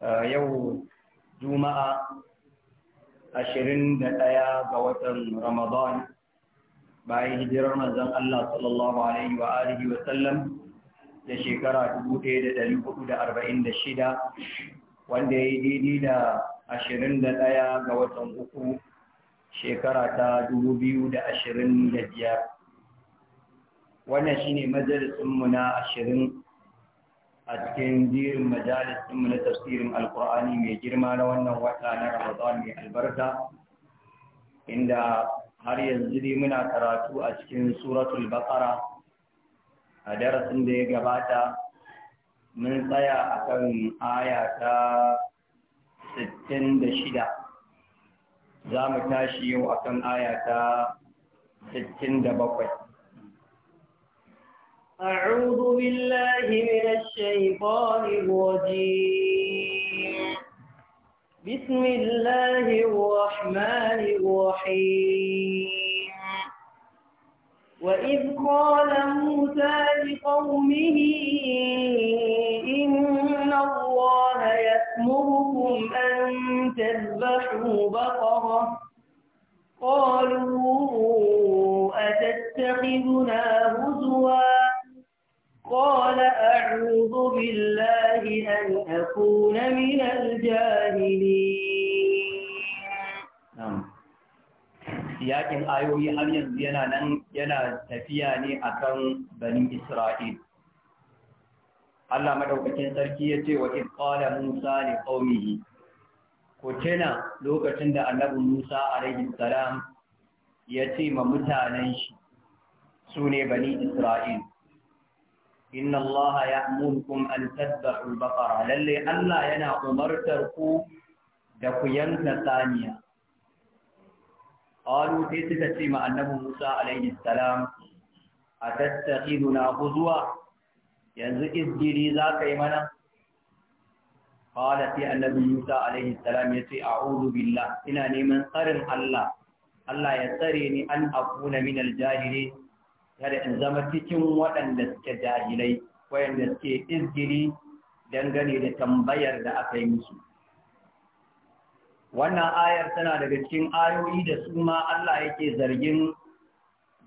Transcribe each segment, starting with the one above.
Eh, yau juma'a ashirin da ɗaya ga watan ramadan bayan hijirar manzon Allah sallallahu alaihi wa alihi wa sallam da shekara 1446 wanda ya yi daidai da ashirin da ɗaya ga watan uku shekara ta biyu da ashirin da biyar. wannan shine majalisinmu na ashirin a cikin jirin majalis ɗinmu na tafsirin alkur'ani mai girma na wannan wata na ramadan mai albarka inda har yanzu dai muna karatu a cikin suratul baqara a darasin da ya gabata mun tsaya akan aya ta 66 za mu tashi yau akan aya ta 67 أعوذ بالله من الشيطان الرجيم بسم الله الرحمن الرحيم وإذ قال موسى لقومه إن الله يأمركم أن تذبحوا بقرة قالوا أتتخذنا هزواً قال أعوذ بالله أن أكون من الجاهلين yakin ayoyi har yanzu yana nan yana tafiya ne akan bani Isra'il Allah madaukakin sarki ya ce wa id Musa li qaumihi ko lokacin da annabi Musa alaihi salam ya ce ma mutanen shi sune bani Isra'il inna Allah ya amurkum an Lallai Allah yana umartar ku da ku yanka saniya qalu sai suka ce ma annabi Musa alaihi salam atattakhiduna huzwa yanzu izgiri za ka yi mana qala sai annabi Musa alaihi salam ce a'udhu billah ina neman tsarin Allah Allah ya tsare ni an akuna min al-jahilin kada in zama cikin waɗanda suke jahilai waɗanda suke izgiri dangane da tambayar da aka yi musu wannan ayar tana daga cikin ayoyi da su ma Allah yake zargin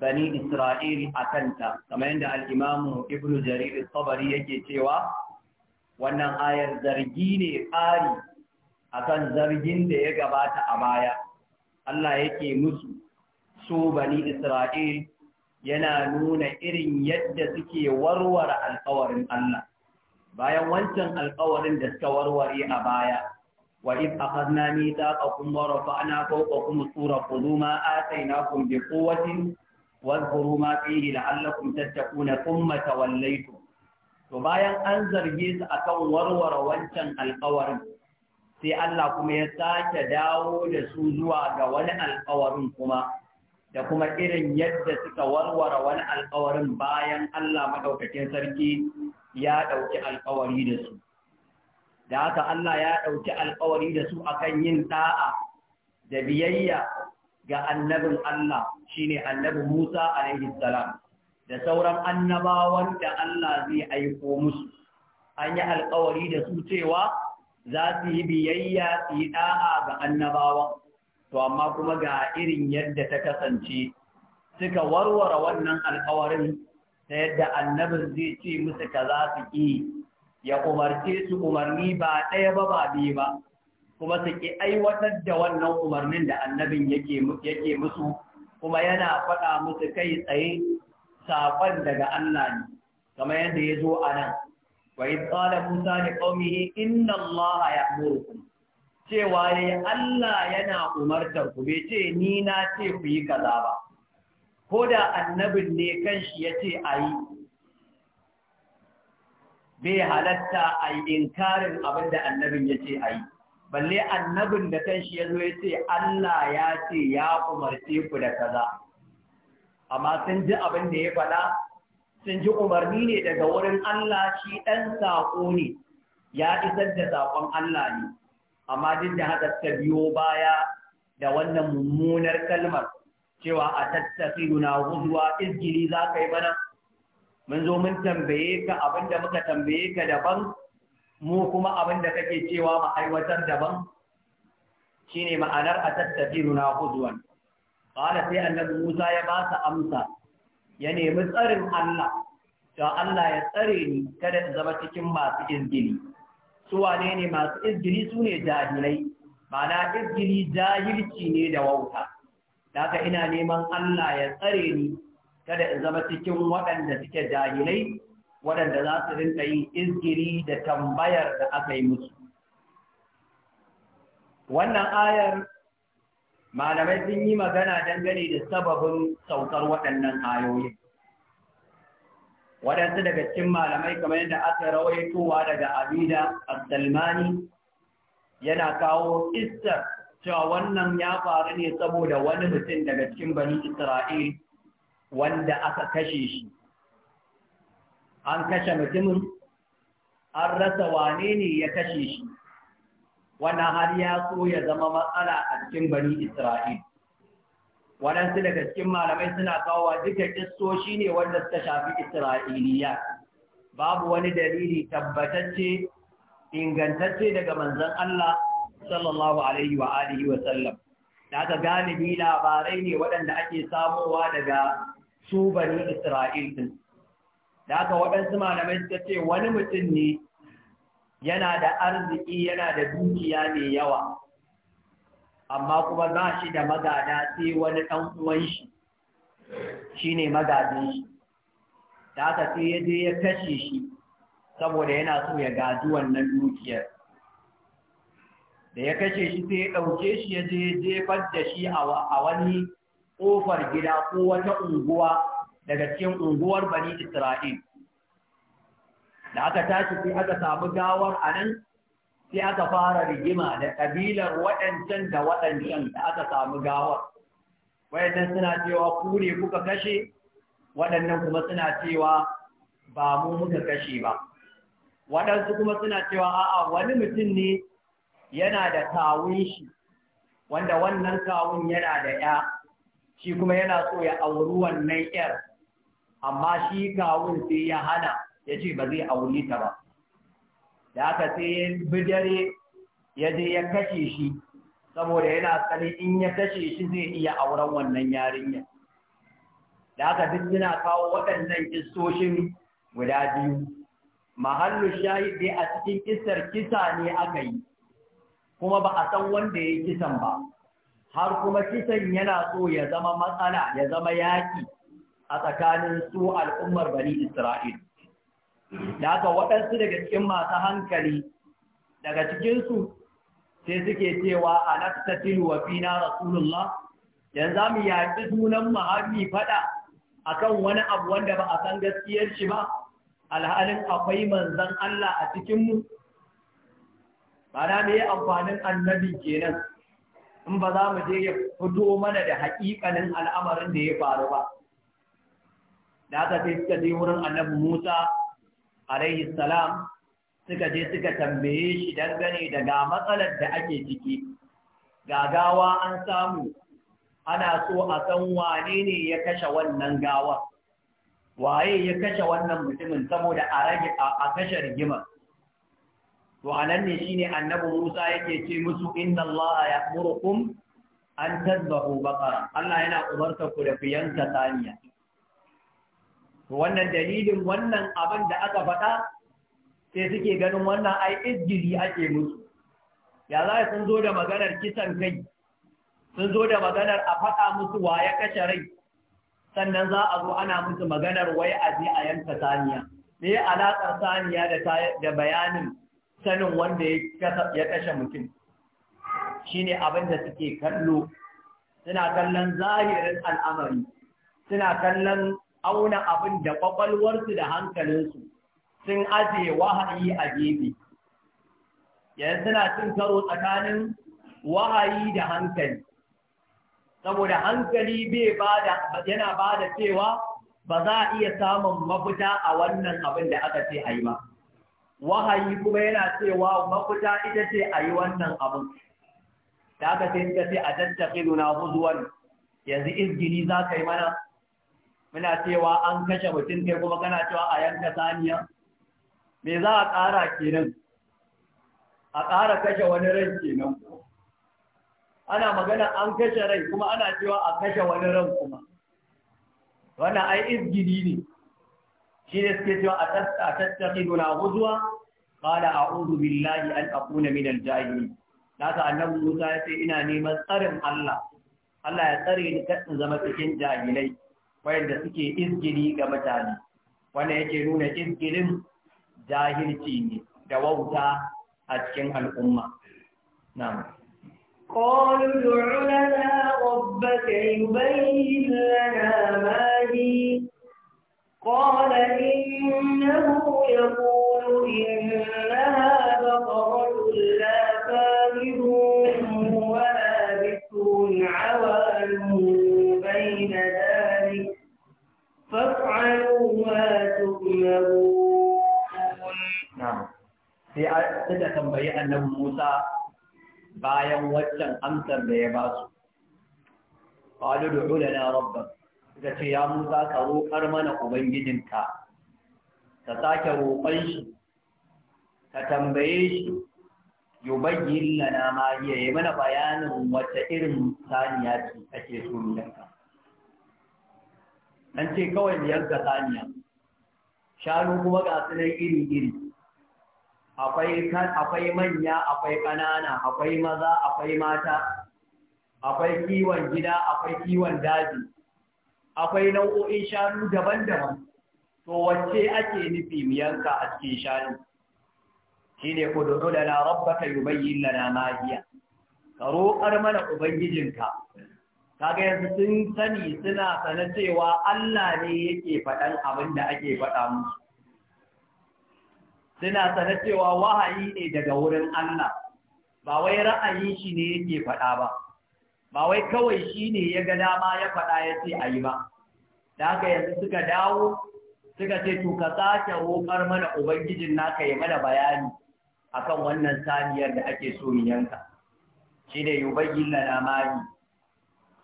bani Isra'il a kanta kamar yadda al'imamu Ibn Jarir tabari yake cewa wannan ayar zargi ne ƙari akan zargin da ya gabata a baya Allah yake musu su bani Isra'il yana nuna irin yadda suke warware alƙawarin Allah bayan wancan alƙawarin da suka warware a baya wa id akhadna mithaqakum wa rafa'na fawqakum kuma sura khudhu ma ataynakum bi quwwatin wadhkuru ma fihi tattaku na thumma tawallaytum to bayan an zarge su akan warware wancan alƙawarin sai Allah kuma ya sake dawo da su zuwa ga wani alƙawarin kuma da kuma irin yadda suka warware wani alkawarin bayan Allah maɗaukacin sarki ya ɗauki alkawari da su. Da haka Allah ya ɗauki alkawari da su akan yin ɗa'a da biyayya ga annabin Allah shine annabi Musa alaihi salam da sauran annabawan da Allah zai aiko musu. An yi alkawari da su cewa za su yi biyayya su yi ɗa'a ga annabawan. to amma kuma ga irin yadda ta kasance suka warware wannan alkawarin ta yadda annabin zai ce musu kaza su ƙi ya umarce su umarni ba ɗaya ba ba biyu ba kuma su ƙi aiwatar da wannan umarnin da annabin yake musu kuma yana faɗa musu kai tsaye saƙon daga Allah ne kamar yadda ya zo a nan wa yi qala musa ƙaumihi inna allaha ya'murukum cewa ne Allah yana umartar ku bai ce ni na ce ku yi kaza ba ko da annabin ne kanshi ya ce a yi bai halatta a yi inkarin abin da annabin ya ce a yi balle annabin da kanshi ya zo ya ce Allah ya ce ya umarce ku da kaza amma sun ji abin da ya faɗa sun ji umarni ne daga wurin Allah shi ɗan saƙo ne ya isar da saƙon Allah ne amma duk da haka ta biyo baya da wannan mummunar kalmar cewa a tattafi na huduwa izgili za ka yi mana mun zo mun tambaye ka abin da muka tambaye ka daban mu kuma abin da kake cewa mu aiwatar daban shine ma'anar a tattafi na huduwa qala sai annabi Musa ya ba sa amsa ya nemi tsarin Allah to Allah ya tsare ni kada in zama cikin masu izgili su wane ne masu izgili su ne jahilai ma'ana izgili jahilci ne da wauta daga ina neman Allah ya tsare ni kada in zama cikin waɗanda suke jahilai waɗanda za su rinka yin izgili da tambayar da aka yi musu wannan ayar malamai sun yi magana dangane da sababin saukar waɗannan ayoyin waɗansu daga cikin malamai kamar yadda aka rawaitowa daga abida al-salmani yana kawo isa cewa wannan ya faru ne saboda wani mutum daga cikin bani isra'il wanda aka kashe shi an kashe mutumin an rasa wane ne ya kashe shi wannan har ya so ya zama matsala a cikin bani isra'il waɗansu daga cikin malamai suna kawowa duka kistoshi ne wanda suka shafi isra'iliya babu wani dalili tabbatacce ingantacce daga manzon Allah sallallahu alaihi wa alihi wa sallam daga galibi labarai ne waɗanda ake samowa daga su bani Isra'il din daga waɗansu malamai suka ce wani mutum ne yana da arziki yana da dukiya mai yawa amma kuma za shi da magada sai wani ɗan uwan shi shine magadin shi da aka sai ya je ya kashe shi saboda yana so ya gaji wannan dukiyar da ya kashe shi sai ya ɗauke shi ya je jefar da shi a wani ƙofar gida ko wata unguwa daga cikin unguwar bani isra'il da aka tashi sai aka samu gawar a nan sai aka fara rigima da kabilar waɗancan da waɗancan da aka samu gawar waɗannan suna cewa ku ne kuka kashe waɗannan kuma suna cewa ba mu muka kashe ba waɗansu kuma suna cewa a'a wani mutum ne yana da kawun shi wanda wannan kawun yana da ya shi kuma yana so ya auri wannan yar amma shi kawun sai ya hana ya ce ba zai aure ta ba da aka sai ya bidare ya je ya kashe shi saboda yana tsari in ya kashe shi zai iya auren wannan yarinyar. da aka duk suna kawo waɗannan kistoshin guda biyu mahallu shahid dai a cikin kisar kisa ne aka yi kuma ba a san wanda ya yi kisan ba har kuma kisan yana so ya zama matsala ya zama yaƙi a tsakanin su al'ummar bani isra'il da haka waɗansu daga cikin masu hankali daga cikinsu sai suke cewa a naktatilu wa na rasulullah yanzu za mu yaƙi sunan mahabi faɗa kan wani abu wanda ba a san gaskiyar shi ba alhalin akwai manzan Allah a cikinmu ba na amfanin annabi kenan in ba za mu je ya fito mana da haƙiƙanin al'amarin da ya faru ba da aka sai suka je wurin annabi Musa alaihi salam suka je suka tambaye shi dangane da ga matsalar da ake ciki gagawa an samu ana so a san wane ne ya kashe wannan gawa waye ya kashe wannan mutumin saboda a rage a kashe rigima to anan ne shine annabi Musa yake ce musu inna Allah ya'murukum an tadbahu baqara Allah yana umarta ku da fiyan yanka to wannan dalilin wannan abin da aka faɗa sai suke ganin wannan ai izgili ake musu ya za sun zo da maganar kisan kai sun zo da maganar a faɗa musu wa ya kashe rai sannan za a zo ana musu maganar wai a je a yanka saniya me alaƙar saniya da bayanin sanin wanda ya kashe mutum shine abin da suke kallo suna kallon zahirin al'amari suna kallon auna abin da kwakwalwarsu da hankalinsu sun ajiye wahayi a gefe. Yanzu suna cin karo tsakanin wahayi da hankali. Saboda hankali yana ba da cewa ba za a iya samun mafita a wannan abin da aka ce a yi ba. Wahayi kuma yana cewa mafita ita ce a yi wannan abin. Da aka ce a tattafi nuna huzuwan yanzu izgini za ka yi mana muna cewa an kashe mutum ne kuma kana cewa a yanka saniya me za a ƙara kenan a ƙara kashe wani rai kenan ana magana an kashe rai kuma ana cewa a kashe wani ran kuma wannan ai izgini ne shi ne suke cewa a tattaki nuna guzuwa kada a uzu billahi an akuna min aljahili ta annabi Musa ya ce ina neman tsarin Allah Allah ya tsare ni kan zama cikin jahilai wayanda suke izgiri ga mutane wanda yake nuna izgirin jahilci ne da wauta a cikin al'umma na قالوا ادع لنا ربك يبين لنا ما هي قال إنه يقول إنها بقرة لا فارغ sai suka tambayi annabi Musa bayan waccan amsar da ya ba su da du'u na rabban suka ce ya Musa ka roƙar mana ubangijinka ka sake roƙon shi ka tambaye shi yubayyin lana ma iya yayi mana bayanin wata irin saniya ce ake so yanka an ce kawai yanka saniya shanu kuma ga su iri iri akwai manya akwai ƙanana akwai maza akwai mata akwai kiwon gida akwai kiwon daji akwai nau'o'in shanu daban-daban to wacce ake nufi miyanka a cikin shanu shi ne ku da na rabbaka yubayyin lana magiya ka roƙar mana ubangijinka kaga yanzu sun sani suna sanar cewa Allah ne yake faɗan abin da ake faɗa musu suna sana cewa wahayi ne daga wurin Allah ba wai ra'ayi shi ne yake faɗa ba ba wai kawai shi ne ya ga dama ya faɗa ya ce a yi ba da haka yanzu suka dawo suka ce to ka sake roƙar mana ubangijin naka ya mana bayani akan wannan saniyar da ake so mu yanka shi ne yubayyin lana mali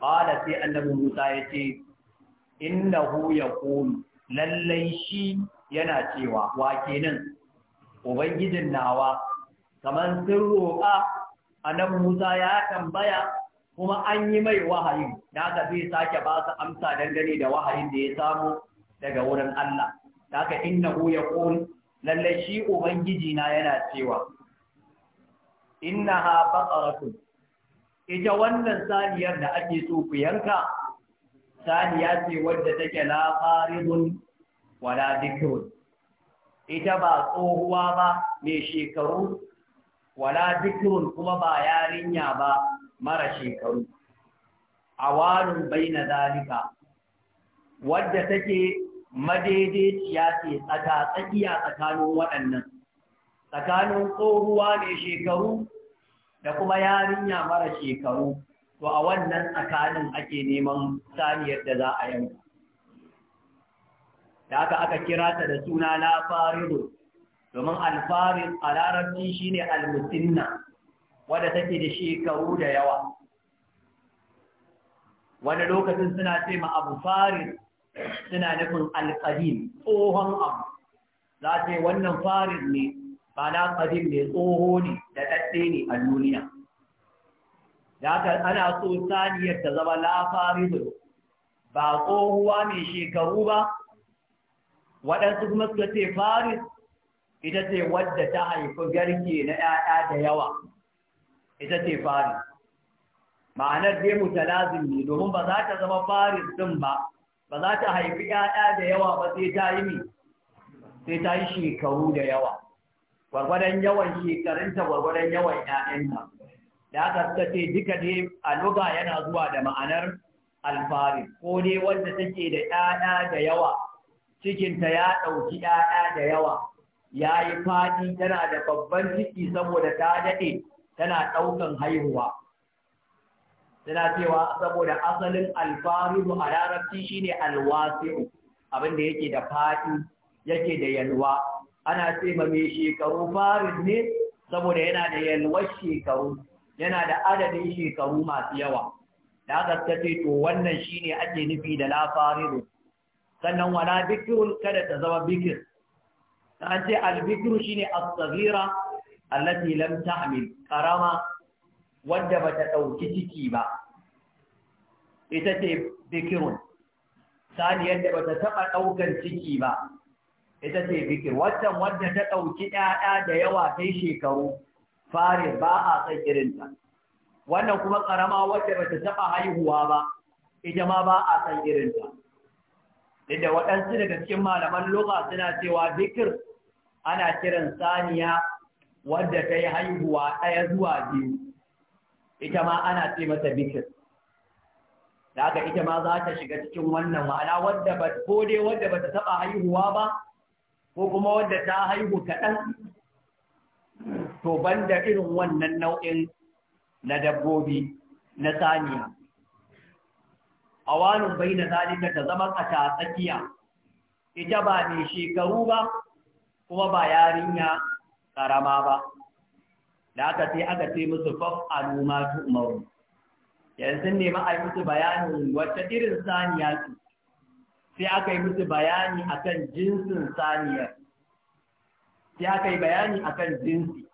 sai annabi Musa ya ce innahu yaqulu lallai shi yana cewa wa kenan ubangijin nawa kamar sun roƙa nan Musa ya tambaya kuma an yi mai wahayi da aka zai sake ba su amsa dangane da wahayin da ya samu daga wurin Allah da aka inna ya ƙun, lalle shi ubangiji na yana cewa Inna ha baqaratun ita wannan saniyar da ake so ku yanka saniya ce wadda take la faridun wala dikrun ita ba tsohuwa ba mai shekaru wala zikirun kuma ba yarinya ba mara shekaru a awarun baina zalika wadda take madaidaiciya ce tsaka tsakiya tsakanin waɗannan tsakanin tsohuwa mai shekaru da kuma yarinya mara shekaru to a wannan tsakanin ake neman saniyar da za a yanka da aka aka kira ta da suna lafaridu domin alfarid a larabci shine ne almusinna wadda take da shekaru da yawa wani lokacin suna ce ma abu farid suna nufin alƙadim tsohon abu za ce wannan farid ne ba na ƙadim ne tsoho ne da ɗaɗɗe ne a duniya da aka ana so saniyar ta zama faridu ba tsohuwa mai shekaru ba waɗansu kuma suka ce faris ita ce wadda ta haifi garke na ‘ya'ya da yawa ita ce faris ma'anar dai mutalazim ne domin ba za ta zama faris ɗin ba ba za ta haifi ‘ya'ya da yawa ba sai ta yi mi sai ta yi shekaru da yawa gwagwadon yawan shekarunta gwagwadon yawan ‘ya'yanta da aka suka ce duka ne a yana zuwa da ma'anar alfaris ko dai wanda take da ‘ya'ya da yawa cikinta ya ɗauki ‘ya'ya da yawa, ya yi faɗi tana da babban ciki saboda ta daɗe tana ɗaukan haihuwa. Suna cewa saboda asalin alfarudu a larabci shine abin da yake da faɗi yake da yalwa. Ana ce ma mai shekaru farin ne saboda yana da yalwar shekaru, yana da adadin shekaru masu yawa. Da haka ce to wannan shine ake nufi da lafaridu. sannan wala bikirun kada ta zama bikir an ce albikiru shine as-saghira allati lam tahmil karama wadda bata dauki ciki ba ita ce bikirun saniyar da bata taba daukan ciki ba ita ce bikir waccan wadda ta dauki ƴaƴa da yawa kai shekaru fari ba a san irinta wannan kuma karama wadda bata taba haihuwa ba ita ma ba a san irinta duk da waɗansu daga cikin malaman loka suna cewa zikir ana kiran saniya wadda ta yi haihuwa ɗaya zuwa biyu ita ma ana ce mata zikir da ita ma za ta shiga cikin wannan ma'ana wadda ba ko dai wadda ba ta taɓa haihuwa ba ko kuma wadda ta haihu kaɗan to banda irin wannan nau'in na dabbobi na saniya awanin bai na zalika ta zama tsaka tsakiya ita ba mai shekaru ba kuma ba yarinya karama ba da aka sai aka ce musu faf aluma tu umaru yanzu ne ma ai musu bayanin wata irin saniya su sai aka yi musu bayani akan jinsin saniyar sai aka yi bayani akan jinsi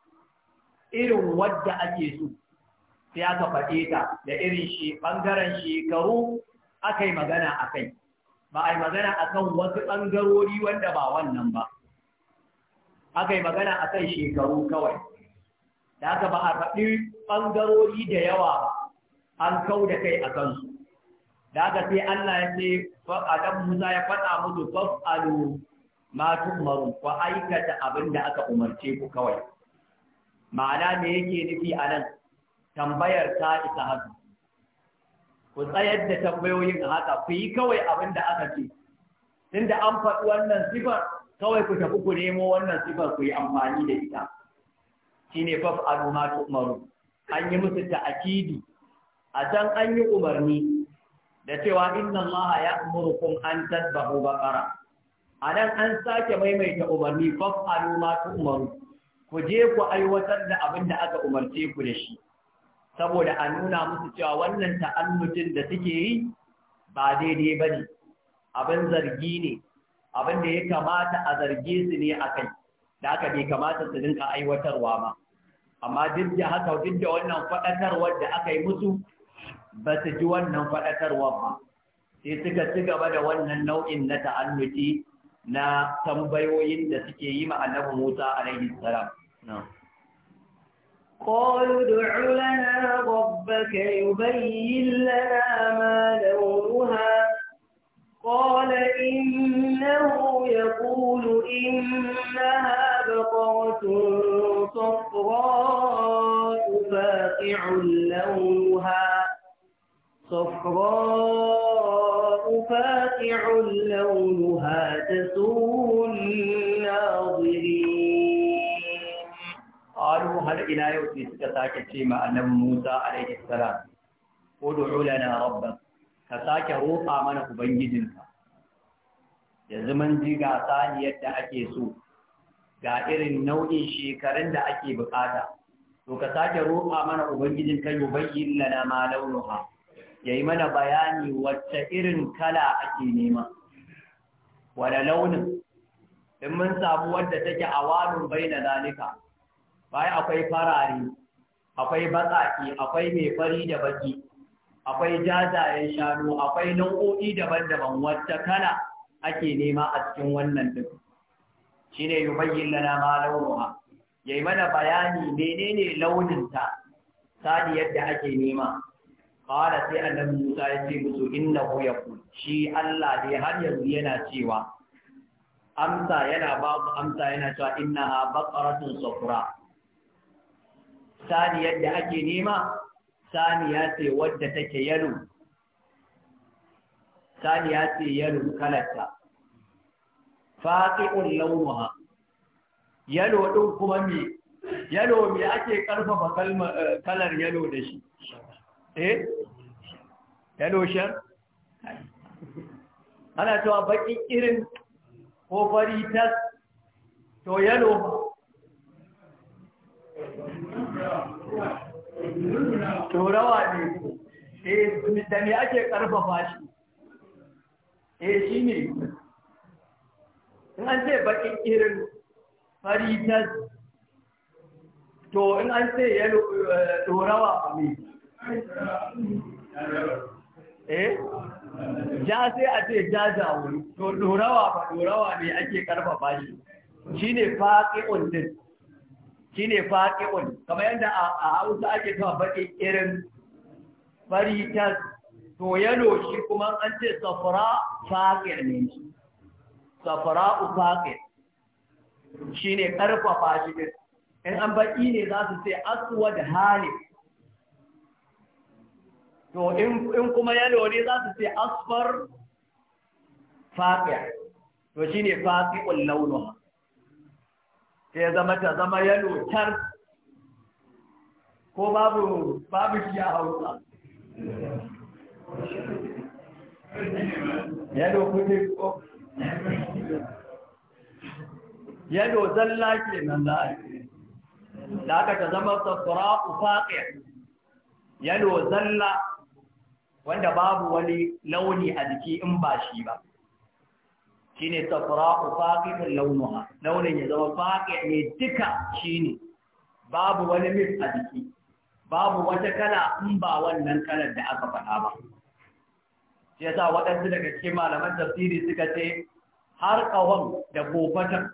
irin wadda ake so sai aka faɗe ta da irin shi ɓangaren shekaru aka yi magana a kai ba a yi magana a kan wasu ɓangarori wanda ba wannan ba aka yi magana a kan shekaru kawai da aka ba a faɗi ɓangarori da yawa an kau da kai a kansu da aka sai Allah ya ce Adam Musa ya faɗa musu fas'alu ma tu'maru ku aikata abin da aka umarce ku kawai ma'ana me yake nufi a nan tambayar ta isa hadu ku tsayar da tambayoyin haka ku yi kawai abin da aka ce tun da an faɗi wannan sifar kawai ku tafi ku nemo wannan sifar ku yi amfani da ita Shi ne faf aluma umaru. an yi musu ta'akidi a can an yi umarni da cewa inna umuru kun an tadbahu baqara a nan an sake maimaita umarni faf aluma umaru. ku je ku aiwatar da abin da aka umarce ku da shi saboda a nuna musu cewa wannan ta'annutin da suke yi ba daidai ba ne abin zargi ne abin da ya kamata a zarge su ne a kai da aka bai kamata su dinka aiwatarwa ba amma duk da haka duk da wannan faɗatarwar da aka yi musu ba su ji wannan faɗatarwar ba sai suka ci gaba da wannan nau'in na ta'annuti na tambayoyin da suke yi ma annabi Musa alaihi salam قالوا ادع لنا ربك يبين لنا ما لونها قال إنه يقول إنها بقرة صفراء فاقع لونها صفراء فاقع لونها تسوء الناظرين har ina yau sai suka sake ce ma annabi Musa alaihi salam ud'u lana rabbak ka sake roƙa mana ubangijinka yanzu mun ji ga saniyar da ake so ga irin nau'in shekarun da ake bukata to ka sake roƙa mana ubangijin kai yubayyin lana ma launuha yayi mana bayani wacce irin kala ake nema wala launin in mun samu wadda take awalun na zalika baya akwai farare akwai batsaki, akwai mai fari da baki, akwai jajayen shanu akwai nau'o'i daban-daban wacce kana ake nema a cikin wannan din shine yubayyin lana ma Ya yayi mana bayani menene launin ta sadi yadda ake nema qala sai annabi Musa ya ce musu innahu yaqul shi Allah dai har yanzu yana cewa amsa yana babu amsa yana cewa inna baqaratun safra saniyar da ake nema saniya ce wadda take yalo saniya ce yalo kalarta faqi'un launuha yalo din kuma me yalo me ake karfafa kalmar eh, kalar yalo da shi eh yalo shan ana cewa baki irin ko fari tas to yalo Taurawa ne, eh, da ne ake ƙarfafa shi, eh shi ne, in an ce bakin irin faritas, to in an ce ya ɗorawa eh, ne. Eh, ja sai a ce ja jawo, to ɗorawa ba ɗorawa ne ake ƙarfafa shi, shi ne faƙi undin. shine faqi'un kamar yadda a Hausa ake cewa baki irin faritas to yalo shi kuma an ce safara faqi' ne safra faqi' shine karfafa shi in an baki ne za su ce aswad hali to in kuma yalo ne za su ce asfar faqi'a to shine faqi'ul launuha sai zama ta zama yalo tar ko babu babu shi a hausa yalo kudi ko yalo zalla ke nan da da aka ta zama safara ufaƙi yalo zalla wanda babu wani launi a jiki in ba shi ba shine safra'u faqihun launuha launin ya zama faƙi ne duka shine babu wani mil a jiki babu wata kala in ba wannan kalar da aka faɗa ba shi yasa waɗansu daga cikin malaman tafsiri suka ce har ƙawon da kofatan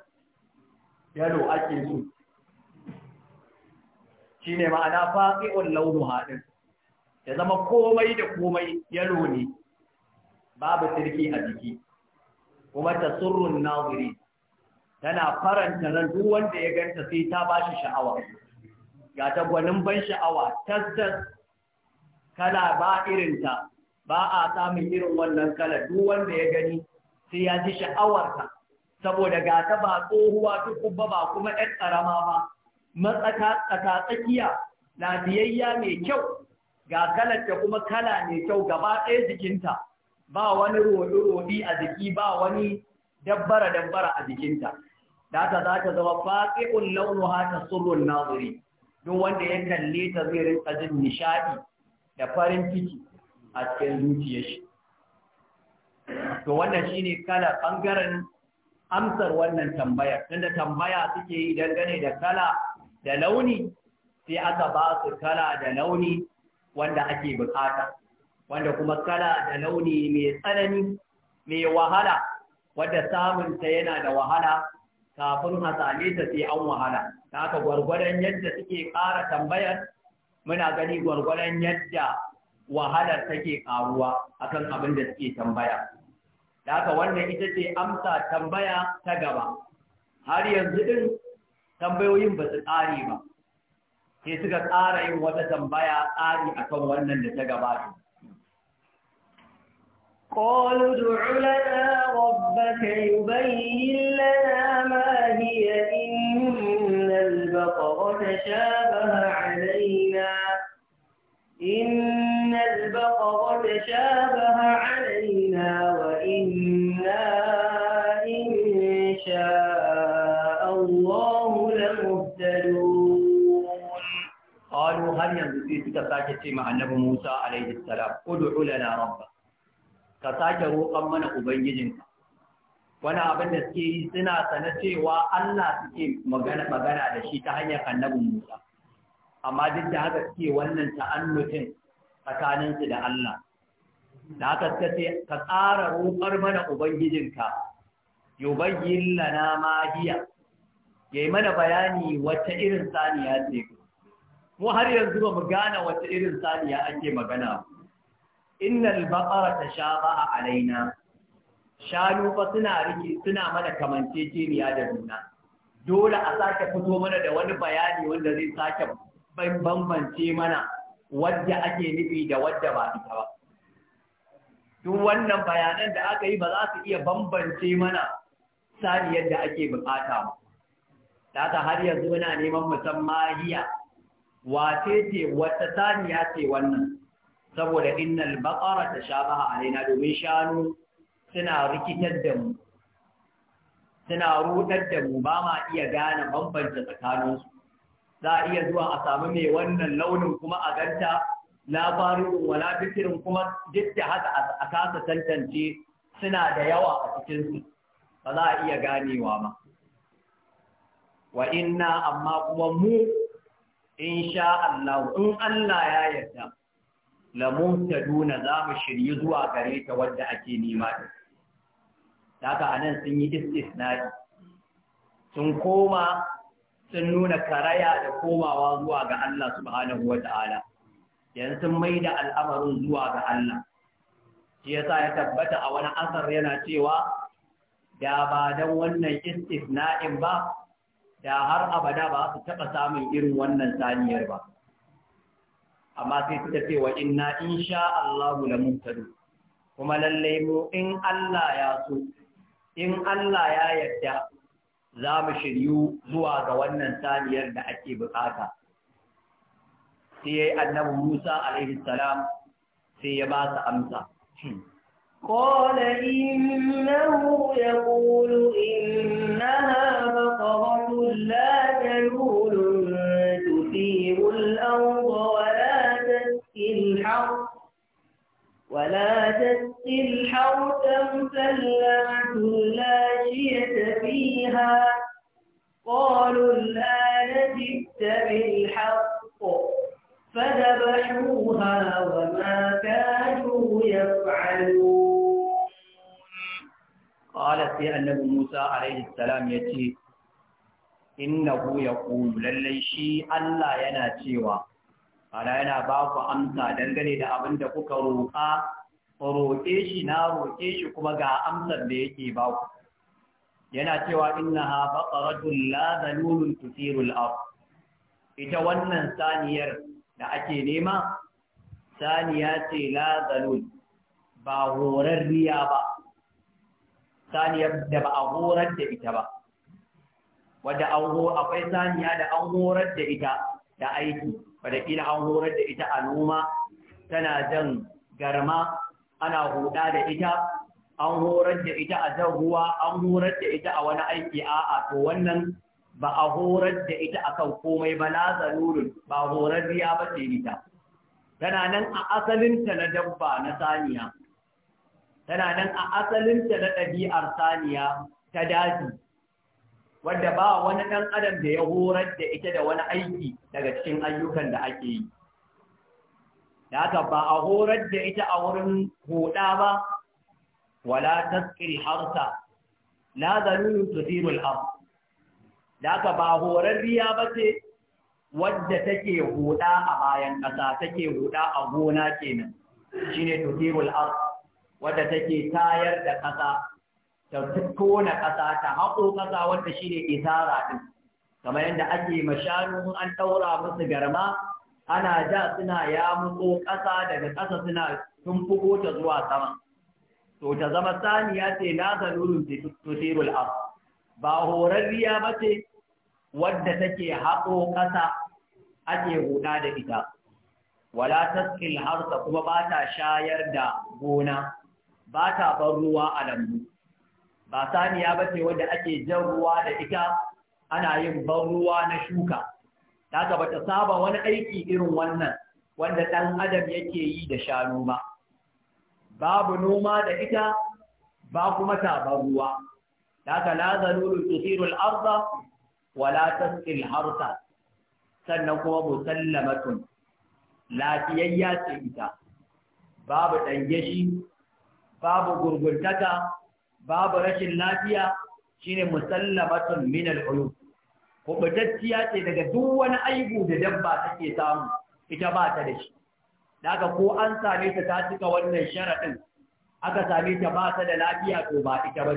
yalo ake su shine ma'ana faqihun launuha din ya zama komai da komai yalo ne babu sirki a jiki kuma ta surrun naziri tana faranta ran duk wanda ya ganta sai ta ba shi sha'awa ga ta gwanin ban sha'awa tattas kala ba irinta ba a samun irin wannan kala duk wanda ya gani sai ya ji sha'awarta saboda ga ta ba tsohuwa tukubba ba kuma ɗan ƙarama ba matsaka tsaka tsakiya na biyayya mai kyau ga kalar ta kuma kala mai kyau gaba ɗaya jikinta ba wani rodi a jiki ba wani dabbara-dabbara a jikinta da ta za ta zama faƙiƙun launuha ta surrun nazari don wanda ya kalle ta zai rinka jin nishaɗi da farin ciki a cikin zuciya shi to wannan shi ne kala ɓangaren amsar wannan tambayar tunda tambaya suke yi dangane da kala da launi sai aka ba su kala da launi wanda ake buƙata. wanda kuma kala da launi mai tsanani mai wahala wadda samunta yana da wahala kafin hasale ta sai an wahala ta haka gwargwadon yadda suke ƙara tambayar muna gani gwargwadon yadda wahalar take ƙaruwa akan abin da suke tambaya da haka wannan ita ce amsa tambaya ta gaba har yanzu din tambayoyin ba su ƙare ba sai suka ƙara yin wata tambaya ƙari akan wannan da ta gabata قالوا ادع لنا ربك يبين لنا ما هي إن البقرة تشابه علينا إن البقرة تشابه علينا وإنا إن شاء الله لمهتدون قالوا هل ينبغي تكفاك مع النبي موسى عليه السلام ادع لنا ربك ka sake roƙon mana ubangijinka wani abin da suke yi suna sana cewa Allah suke magana magana da shi ta hanyar annabin Musa amma duk da haka suke wannan ta'annutin tsakaninsu da Allah da haka suka ce ka tsara roƙar mana ubangijinka yubayyin lana ma hiya yayi mana bayani wacce irin saniya ce mu har yanzu ba mu gane wata irin saniya ake magana ba innal baqara tashabaha alaina shanu fa suna rike suna mana kamanceceniya da juna dole a sake fito mana da wani bayani wanda zai sake bambance mana wadda ake nufi da wadda ba ita ba duk wannan bayanan da aka yi ba za su iya bambance mana saniyar da ake bukata ba da ta har yanzu muna neman musamman hiya wace ce wata saniya ce wannan saboda innal baqara tashabaha alaina domin shanu suna rikitar da mu suna rudar da mu ba ma iya gane bambanta tsakaninsu za a iya zuwa a samu mai wannan launin kuma a ganta labarin wala fikirin kuma duk da haka a kasa tantance suna da yawa a cikinsu ba za a iya ganewa ma wa inna amma kuma mu in sha Allah in Allah ya yarda duna za mu shirye zuwa gare ta wadda ake nema da haka nan sun yi istisnai sun koma sun nuna karaya da komawa zuwa ga Allah subhanahu wa ta'ala yanzu sun mai da al'amarin zuwa ga Allah shi yasa ya tabbata a wani asar yana cewa da ba don wannan istisna'in ba da har abada ba su taɓa samun irin wannan saniyar ba amma sai suka ce wa inna insha Allahu la muhtadu kuma lalle mu in Allah ya so in Allah ya yarda za mu shiryu zuwa ga wannan saniyar da ake bukata sai yayi annabi Musa alaihi salam sai ya ba su amsa قال إنه يقول إنها بقرة لا تلوح ولا تسقي الحوت مسلمة لا شية فيها قالوا الآن جئت بالحق فذبحوها وما كانوا يفعلون قالت يا النبي موسى عليه السلام يتي إنه يقول للي شيء الله يناتيوا ana yana ba ku amsa dangane da abin da kuka roƙa roƙe shi na roƙe shi kuma ga amsar da yake ba ku yana cewa innaha baqaratun la zalulun tusirul ard ita wannan saniyar da ake nema saniya ce la zalul ba horarriya ba saniyar da ba a horar da ita ba wadda akwai saniya da an horar da ita da aiki wadaƙila an horar da ita a noma tana jan garma ana huda da ita an horar da ita a jan ruwa an horar da ita a wani aiki a'a to wannan ba a horar da ita kan komai ba la zarurin ba horar riya ba ce ita tana nan a asalinta na dabba na saniya tana nan a asalinta na ɗabi'ar saniya ta daji wadda ba wani ɗan adam da ya horar da ita da wani aiki daga cikin ayyukan da ake yi. Da haka ba a horar da ita a wurin huɗa ba, wala taskil harsa, la zanunu tusirul har. Da haka ba horarriya ba ce wadda take huɗa a bayan ƙasa, take huɗa a gona kenan, shine tusirul har, wadda take tayar da ƙasa ta na ƙasa ta haƙo ƙasa wanda shi ne isara ɗin kamar yadda ake mashanu an ɗaura musu garma ana ja suna ya mutso ƙasa daga ƙasa suna tumfuko ta zuwa sama to ta zama saniya ce na zalurin tusirul ab ba horarriya ba ce wadda take haƙo ƙasa ake huda da ita wala taskil harsa kuma ba ta shayar da gona ba ta ban ruwa a lambu ba saniya ba ce wadda ake jan ruwa da ita ana yin ban ruwa na shuka ta ba bata saba wani aiki irin wannan wanda ɗan adam yake yi da shanu ba babu noma da ita ba kuma ta ban ruwa ta ka la zalulu tusiru al wa la tasqi harsa sannan kuma musallamatun lafiyayya ce ita babu ɗangeshi babu gurguntaka babu rashin lafiya shine musallamatun min al-uyub kubatacciya ce daga duk wani aibu da dabba take samu ita ba ta da shi daga ko an same ta ta cika wannan sharadin aka same ta ba ta da lafiya to ba ita ba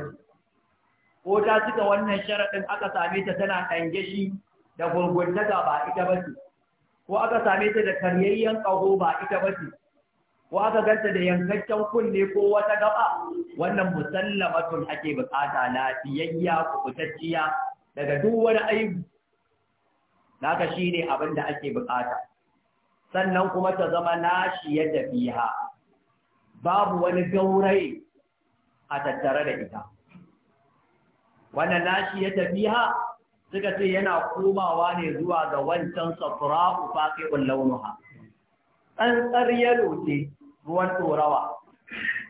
ko ta cika wannan sharadin aka same ta tana dange shi da gurgurtaka ba ita ba ko aka same ta da karyayyen kaho ba ita ba ko aka ganta da yankakken kunne ko wata gaba wannan musallamatun ake bukata lafiyayya kubutacciya daga duk wani aibu naka shine abin da ake bukata sannan kuma ta zama nashi ya tafiya babu wani gaurayi a tattare da ita wannan nashi ya tafiya suka ce yana komawa ne zuwa ga wancan safra'u faqi'ul launuha tsantsar yalo ce ruwan ɗorawa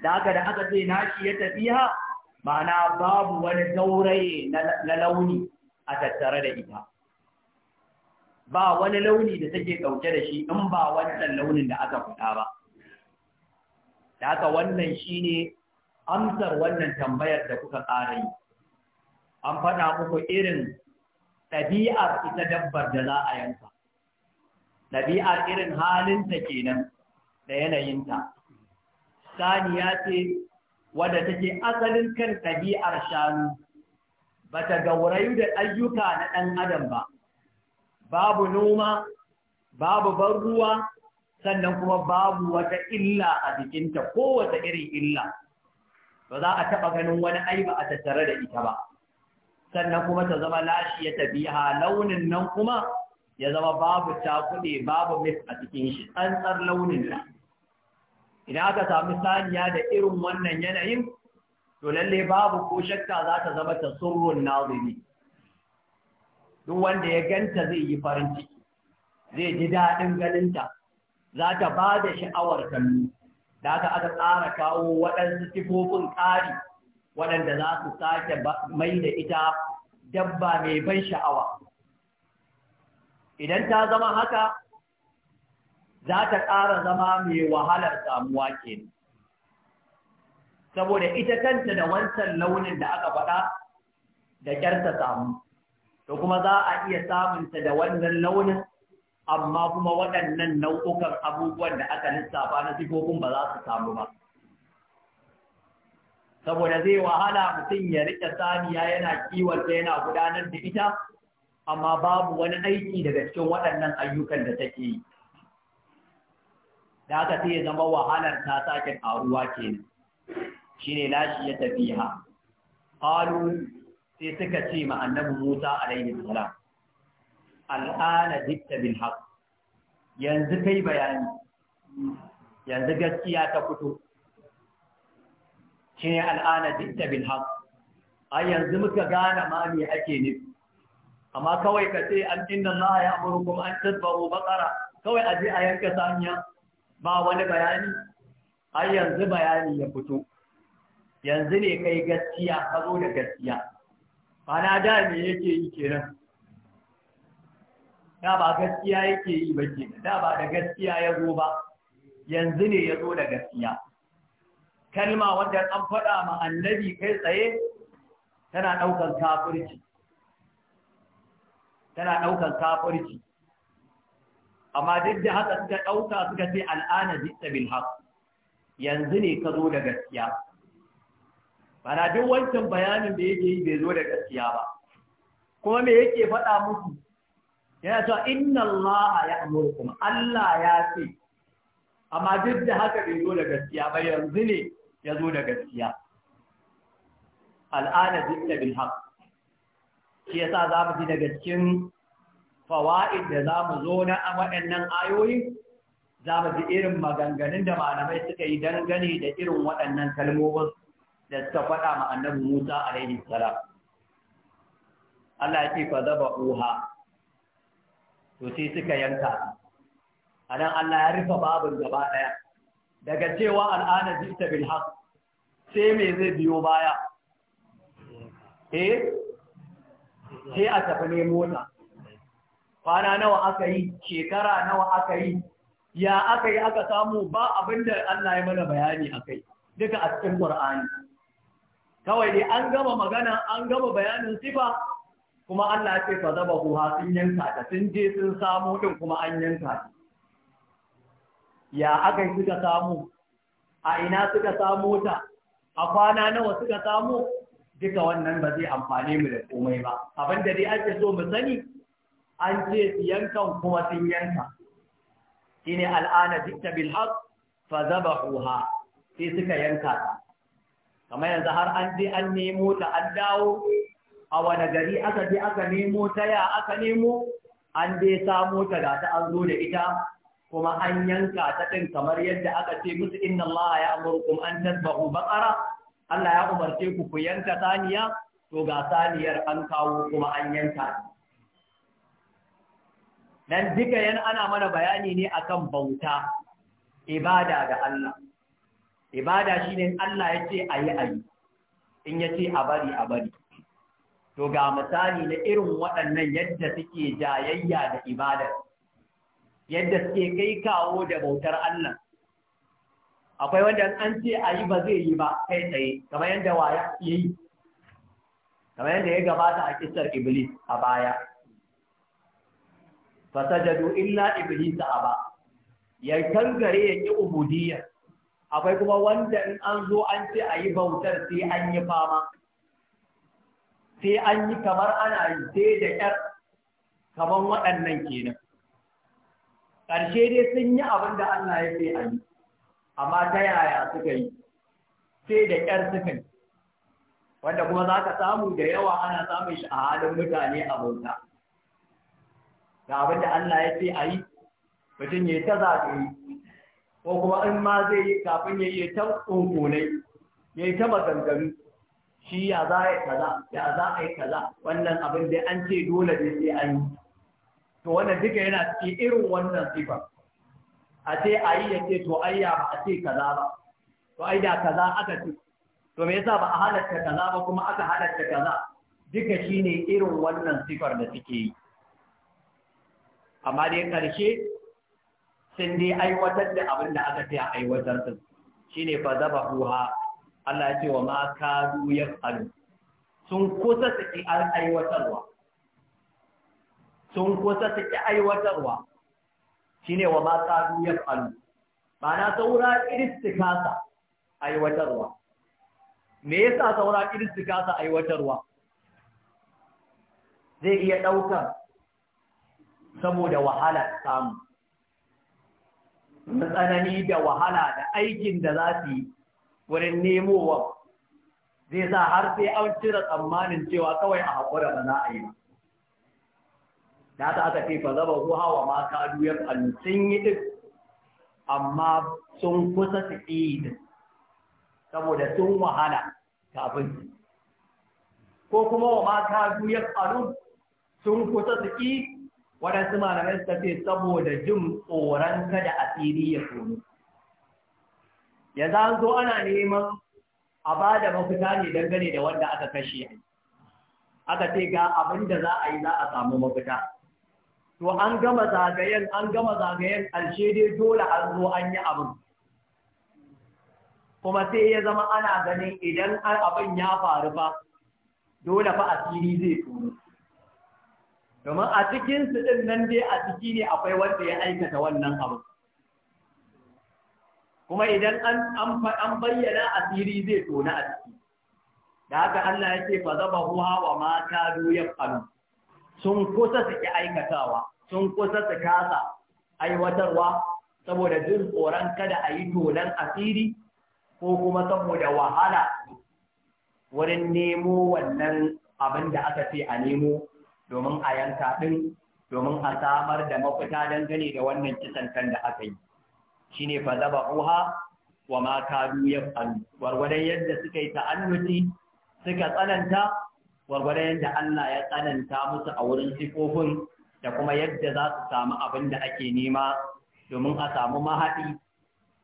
da haka da aka ce nashi ya tafiya ma'ana babu wani gauraye na launi a tattare da ita ba wani launi da take ɗauke da shi in ba wannan launin da aka fita ba da haka wannan shine amsar wannan tambayar da kuka ƙara yi an faɗa muku irin ɗabi'ar ita dabbar da za a yanka ɗabi'ar irin halinta kenan da yanayinta saniya ce wadda take asalin kan ɗabi'ar shanu ba ta gaurayu da ayyuka na ɗan adam ba babu noma babu ban ruwa sannan kuma babu wata illa a jikinta kowace irin illa ba za a taɓa ganin wani aiba a tattare da ita ba sannan kuma ta zama lashi ya tabiha launin nan kuma ya zama babu cakuɗe babu mis a cikin shi tsantsar idan aka sami saniya da irin wannan yanayin to lalle babu ko shakka za ta zama ta surrun nazimi duk wanda ya ganta zai yi farin ciki zai ji daɗin ganinta za ta ba da sha'awar kallo da aka aka tsara kawo waɗansu sifofin ƙari waɗanda za su sake mai da ita dabba mai ban sha'awa idan ta zama haka za ta ƙara zama mai wahalar samuwa ke saboda ita kanta da wancan launin da aka faɗa da ƙyar samu to kuma za a iya samunta da wannan launin amma kuma waɗannan nau'ukan abubuwan da aka lissafa na sifofin ba za su samu ba saboda zai wahala mutum ya riƙe saniya yana kiwonta yana gudanar da ita amma babu wani aiki daga cikin waɗannan ayyukan da take yi da aka sai ya zama wahalar ta sake karuwa kenan shine lashi ya tafi ha. qalu sai suka ce ma annabi Musa alaihi salam al'ana jitta bil haqq yanzu kai bayani yanzu gaskiya ta fito shine al'ana jitta bil haqq ai yanzu muka gane ma me ake nufi amma kawai ka ce an inna Allah ya amuru an tasbahu baqara kawai aje a yanka saniya ba wani bayani har yanzu bayani ya fito yanzu ne kai gaskiya ka zo da gaskiya bana da me yake yi kenan da ba gaskiya yake yi ba ke. da ba da gaskiya ya zo ba yanzu ne ya zo da gaskiya kalma wanda an faɗa ma annabi kai tsaye tana ɗaukar kafirci tana ɗaukar kafirci amma duk da haka suka ɗauka suka ce al'ana jita bin haq yanzu ne ka zo da gaskiya bana duk wancan bayanin da yake yi bai zo da gaskiya ba kuma me yake faɗa musu yana cewa inna allaha ya Kuma Allah ya ce amma duk da haka bai zo da gaskiya ba yanzu ne ya zo da gaskiya al'ana jita bil haq shi yasa za mu ji daga cikin fawa'id da za mu zo na waɗannan ayoyi za mu ji irin maganganun da malamai suka yi dangane da irin waɗannan kalmomin da suka faɗa ma annabi Musa alaihi salam Allah ya ce fa zaba uha to sai suka yanka anan Allah ya rufe babin gaba ɗaya daga cewa al'ada jita bil haq sai me zai biyo baya eh sai a tafi ne mota kwana nawa aka yi shekara nawa aka yi ya aka yi aka samu ba abinda Allah ya mana bayani akai duka a cikin Qur'ani kawai dai an gama magana an gama bayanin sifa kuma Allah ce fa zaba ha sun yanka ta sun je sun samu din kuma an yanka ta ya aka yi suka samu a ina suka samu ta a kwana nawa suka samu duka wannan ba zai amfane mu da komai ba abinda dai ake so mu sani an ce su yankan kuma sun yanka shi al'ada al'ana bilhak bilhaq fa zaba sai suka yanka ta kamar yanzu har an je an nemo ta an dawo a wani gari aka je aka nemo ta ya aka nemo an dai samo ta da ta an zo da ita kuma an yanka ta ɗin kamar yadda aka ce musu inna Allah ya amurkum an tasbahu baqara Allah ya umarce ku ku yanka saniya to ga saniyar an kawo kuma an yanka ta dan duka yana ana mana bayani ne akan bauta ibada ga Allah ibada shine Allah yace ayi ayi in yace a bari a bari to ga misali na irin waɗannan yadda suke jayayya da ibada yadda suke kai kawo da bautar Allah akwai wanda an ce ayi ba zai yi ba kai tsaye kamar yadda waya yayi kamar yadda ya gabata a kisar Iblis a baya fasajadu illa iblis aba ya kangare ya ki ubudiyya akwai kuma wanda in an zo an ce a yi bautar sai an yi fama sai an yi kamar ana yi sai da 'yar kamar waɗannan kenan ƙarshe dai sun yi abin da Allah ya ce a yi amma ta yaya suka yi sai da 'yar suka yi wanda kuma za ka samu da yawa ana samun shi a halin mutane a bauta ga abin da Allah ya ce a yi mutum ya ta zaɓe ko kuma in ma zai yi kafin ya yi ta ƙunƙunai ya yi ta maganganu shi ya za a yi kaza ya za a yi kaza wannan abin da an ce dole ne sai an yi to wannan duka yana cikin irin wannan sifa a ce a yi ya ce to ai ya ba a ce kaza ba to ai da kaza aka ce to me yasa ba a halatta kaza ba kuma aka halatta kaza duka shine irin wannan sifar da suke yi amma dai ƙarshe sun dai aiwatar da abin da aka ce a aiwatar shi shine ba zaba ruha Allah ya ce wa ma kadu alu sun kusa su ki aiwatarwa sun kusa su ki aiwatarwa shine wa ma alu ba na saura iristikasa aiwatarwa me yasa saura iristikasa aiwatarwa zai iya ɗaukar saboda wahala samu matsanani da wahala da aikin da za su yi wurin nemowa zai sa har sai an cire tsammanin cewa kawai a haƙura ba za a yi ba da ta aka fi fa zaba ruwa wa mata duyar sun yi duk amma sun kusa su iya saboda sun wahala kafin su ko kuma wa mata duyar sun kusa su iya waɗansu malamai suka ce saboda jin tsoron kada asiri ya tsoro. ya za zo ana neman a ba da mafita ne dangane da wanda aka kashe aka ce ga abin da za a yi za a samu mafita to an gama zagayen an gama zagayen dole an zo an yi abin kuma sai ya zama ana ganin idan abin ya faru ba dole fa asiri zai tsoro. domin a cikinsu ɗin nan dai a ciki ne akwai wanda ya aikata wannan abu kuma idan an bayyana asiri zai tona a ciki da haka Allah ya fa zaba huwa wa mata du ya sun kusa su ki aikatawa sun kusa su kasa aiwatarwa saboda jin tsoron kada a yi tonan asiri ko kuma saboda wahala wurin nemo wannan abin da aka ce a nemo domin a yanka ɗin domin a samar da mafita gani da wannan kisan kan da aka yi shi ne fa zaba uha wa ma kadu ya falu gwargwadon yadda suka yi ta'annuti suka tsananta gwargwadon yadda Allah ya tsananta musu a wurin sifofin da kuma yadda za su samu abin da ake nema domin a samu mahaɗi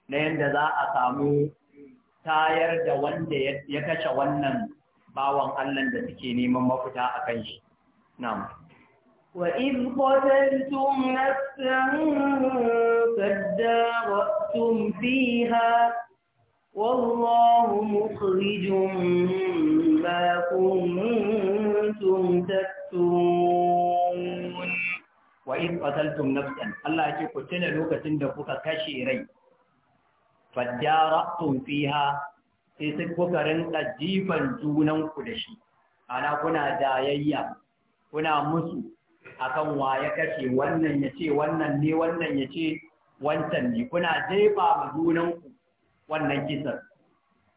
na yadda za a samu tayar da wanda ya kashe wannan bawan Allah da suke neman mafita a kan shi. نعم وإذ قتلتم نفسا فادارأتم فيها والله مخرج ما كنتم تكتمون وإذ قتلتم نفسا الله يجي قتل لوكة دفوك كشي ري فادارأتم فيها sai sai kuka rinka jifan junanku da shi ana kuna jayayya kuna musu akan wa ya kashe wannan ya ce wannan ne wannan ya ce wancan ne kuna jefa ma junanku wannan kisan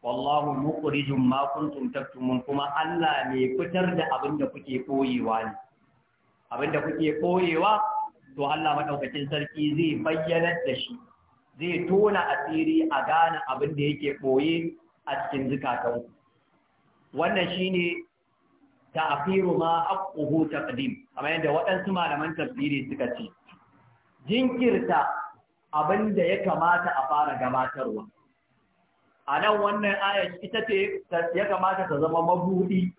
wallahu mukhrijum ma kuntum taktumun kuma Allah ne fitar da abin da kuke koyewa ne abin da kuke koyewa to Allah madaukakin sarki zai bayyana da shi zai tona asiri a gane abin da yake koye a cikin zukatanku wannan shine ta'khiru ma haqquhu taqdim kamar yadda waɗansu malaman tafsiri suka ce jinkirta abinda da ya kamata a fara gabatarwa a nan wannan aya ita ce ya kamata ta zama mabudi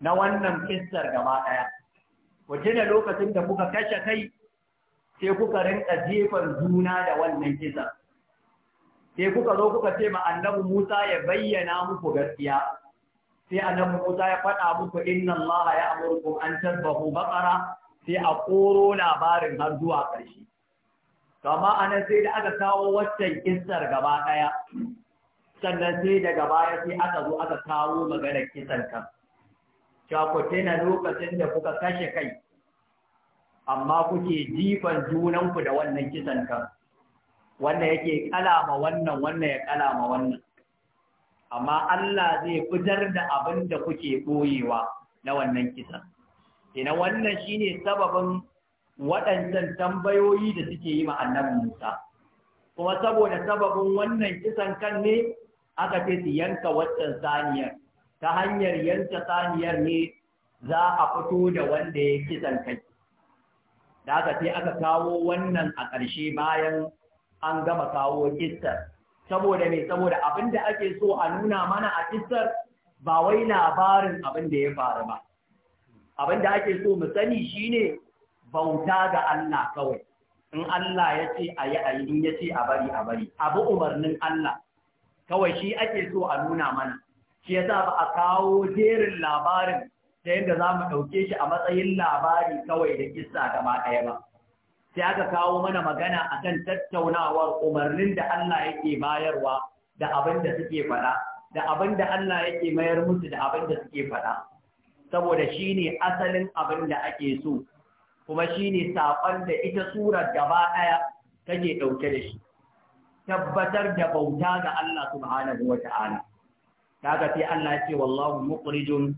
na wannan kissar gaba ɗaya ku tuna lokacin da kuka kashe kai sai kuka rinka jefar juna da wannan kisa sai kuka zo kuka ce ma annabi Musa ya bayyana muku gaskiya sai annabi Musa ya faɗa muku inna Allah ya amurkum an tadbahu baqara sai a koro labarin har zuwa ƙarshe kama anan sai da aka kawo waccan kissar gaba ɗaya sannan sai daga baya sai aka zo aka kawo maganar kisan kan cakwate na lokacin da kuka kashe kai amma kuke jifan junanku da wannan kisan kan wannan yake kalama wannan wannan ya kalama wannan amma Allah zai fitar da abin da kuke ɓoyewa na wannan kisa. Ina wannan shi ne sababin waɗancan tambayoyi da suke yi annabi Musa. Kuma saboda sababin wannan kisan kan ne aka ce su yanka waccan saniyar, ta hanyar yanka saniyar ne za a fito da wanda ya kisan kai. Da aka ce aka kawo wannan a ƙarshe bayan an gama kawo kisar. saboda ne saboda abin da ake so a nuna mana a kisar ba wai labarin abin da ya faru ba abin da ake so mu sani shine bauta ga Allah kawai in Allah ya ce a yi a in ya ce a bari a bari abu umarnin Allah kawai shi ake so a nuna mana shi yasa ba a kawo jerin labarin ta yadda za mu ɗauke shi a matsayin labari kawai da kissa gaba ɗaya ba sai aka kawo mana magana akan tattaunawar umarnin da Allah yake bayarwa da abin da suke faɗa da abin da Allah yake mayar musu da abin da suke faɗa saboda shine asalin abin da ake so kuma shine saƙon da ita surar gaba ɗaya take ɗauke da shi tabbatar da bauta ga Allah subhanahu wa ta'ala kaga sai Allah ya ce wallahu muqrijun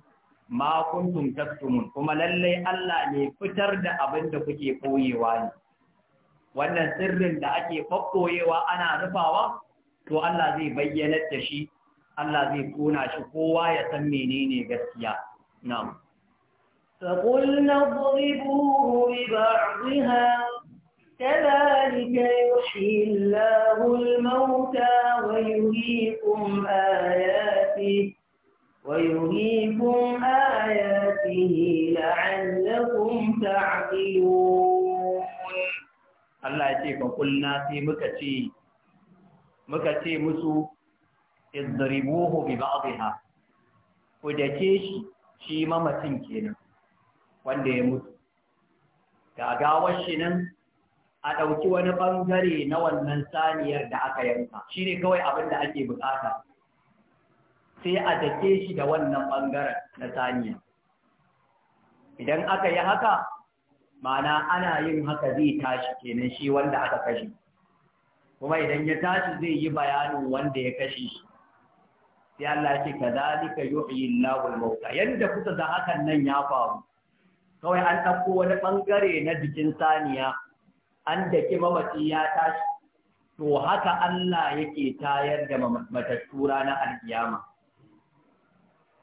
ma kuntum taktumun kuma lallai Allah ne fitar da abin da kuke koyewa ne wannan sirrin da ake fakkoyewa ana rufawa to Allah zai bayyana ta shi Allah zai kona shi kowa ya san menene gaskiya na'am فقلنا اضربوه ببعضها كذلك يحيي الله الموتى ويريكم آياته ويريكم آياته لعلكم تعقلون Allah ya ce fa kulna sai muka ce muka ce musu izdribuhu bi ba'dha ku dake shi shi mamacin kenan wanda ya mutu gagawar shi nan a ɗauki wani ɓangare na wannan saniyar da aka yanka shine kawai abin da ake bukata sai a dake shi da wannan ɓangaren na saniya idan aka yi haka ma'ana ana yin haka zai tashi kenan shi wanda aka kashe kuma idan ya tashi zai yi bayanin wanda ya kashe shi sai Allah ce kadhalika yuhyi Allahu al-mauta yanda kusa da hakan nan ya faru kawai an ɗauko wani bangare na jikin saniya an daki mamaci ya tashi to haka Allah yake tayar da matattura na alkiyama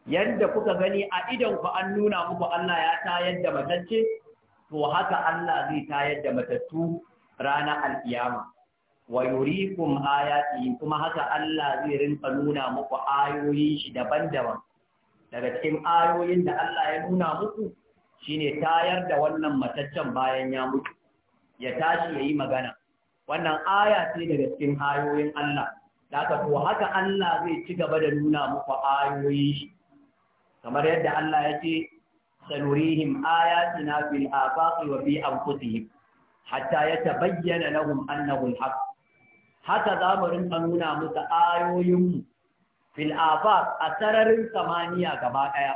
yadda kuka gani a idan ku an nuna muku Allah ya tayar da matacce to haka Allah zai tayar da matattu rana alkiyama wa yurikum ayati kuma haka Allah zai rinka nuna muku ayoyin shi daban-daban daga cikin ayoyin da Allah ya nuna muku shine tayar da wannan mataccen bayan ya mutu ya tashi yayi magana wannan aya ce daga cikin ayoyin Allah da to haka Allah zai ci gaba da nuna muku ayoyi shi kamar yadda Allah ya ce sanurihim ayatina fil afaqi wa fi anfusihim hatta yatabayyana lahum annahu al-haq haka za mu rinka nuna musu ayoyinmu fil a sararin samaniya gaba ɗaya.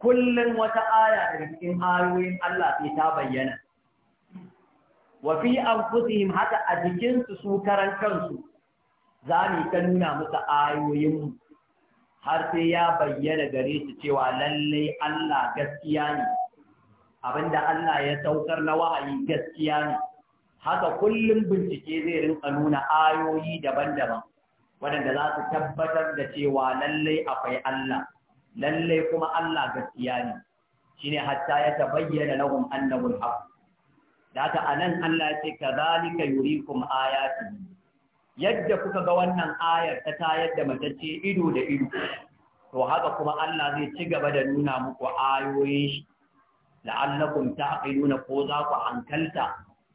Kullum wata aya daga cikin ayoyin Allah sai ta bayyana wa fi haka a jikinsu su karan kansu za mu ta nuna musu ayoyinmu har sai ya bayyana gare shi cewa lallai Allah gaskiya ne abinda Allah ya saukar na wa'ayi gaskiya ne haka kullum bincike zai rinka nuna ayoyi daban-daban waɗanda za su tabbatar da cewa lallai akwai Allah lallai kuma Allah gaskiya ne shine hatta ya tabayyana lahum annahu al da haka anan Allah ya ce yuri yurikum ayatihi yadda kuka ga wannan ayar ta tayar da matacce ido da ido to haka kuma Allah zai ci gaba da nuna muku ayoyin shi la'allakum nuna ko za ku hankalta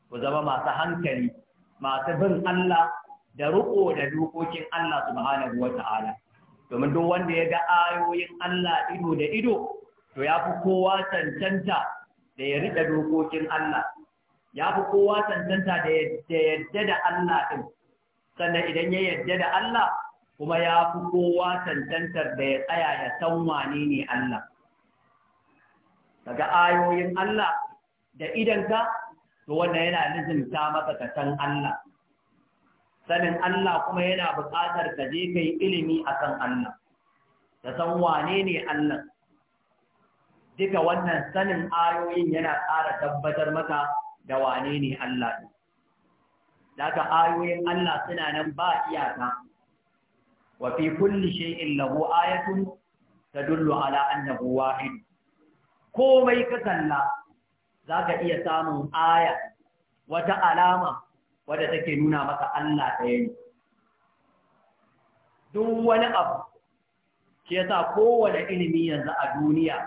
ku zama masu hankali masu bin Allah da riƙo da dokokin Allah subhanahu wata'ala domin duk wanda ya ga ayoyin Allah ido da ido to ya fi kowa cancanta da ya riƙe dokokin Allah ya fi kowa cancanta da yadda da Allah ɗin sannan idan ya yarda da Allah kuma ya fi kowa tantantar da ya tsaya ya san wane ne Allah daga ayoyin Allah da ka, to wannan yana lizinta maka ka san Allah sanin Allah kuma yana buƙatar ka je kai ilimi a kan Allah Ka san wane ne Allah duka wannan sanin ayoyin yana ƙara tabbatar maka da wane ne Allah daga ayoyin Allah suna nan ba iyaka wa fi kulli shay'in lahu ayatun tadullu ala annahu wahid komai ka kalla zaka iya samun aya wata alama wadda take nuna maka Allah ɗaya ne duk wani abu shi yasa kowane ilimi yanzu a duniya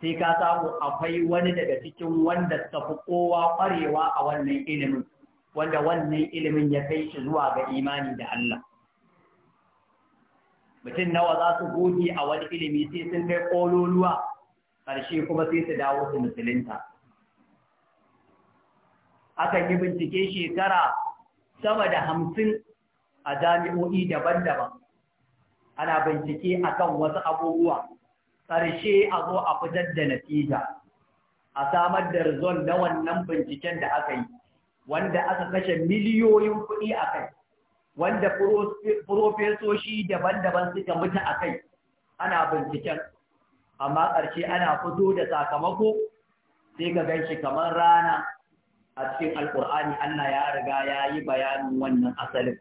sai ka samu akwai wani daga cikin wanda tafi kowa ƙwarewa a wannan ilimin wanda wannan ilimin ya kai shi zuwa ga imani da Allah mutum nawa za su goge a wani ilimi sai sun kai ƙololuwa ƙarshe kuma sai su dawo su musulunta akan yi bincike shekara sama da hamsin a jami'o'i daban-daban ana bincike akan wasu abubuwa ƙarshe a zo a fitar da natija a samar da rizon na wannan binciken da aka yi wanda aka kashe miliyoyin kuɗi a kai wanda furofesoshi daban-daban suka mutu a kai ana binciken amma ƙarshe ana fito da sakamako sai ga ganshi kamar rana a cikin alƙur'ani Allah ya riga ya yi bayanin wannan asalin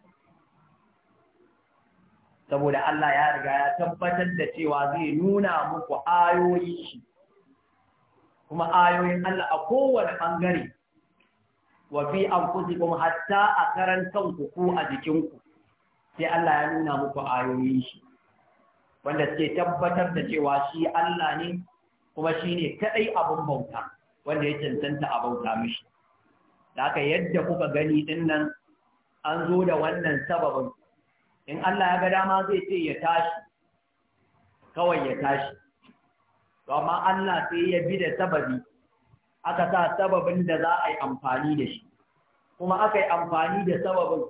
saboda Allah ya riga ya tabbatar da cewa zai nuna muku ayoyi shi kuma ayoyin Allah a kowane ɓangare wa fi kuma hatta a karan kanku ko a jikinku sai Allah ya nuna muku ayoyin shi wanda suke tabbatar da cewa shi Allah ne kuma shi ne kadai abin bauta wanda ya cancanta a bauta mishi da aka yadda kuka gani ɗin nan an zo da wannan sababin in Allah ya ga dama zai ce ya tashi kawai ya tashi amma Allah sai ya bi da sababi aka sa sababin da za a yi amfani da shi kuma aka yi amfani da sababin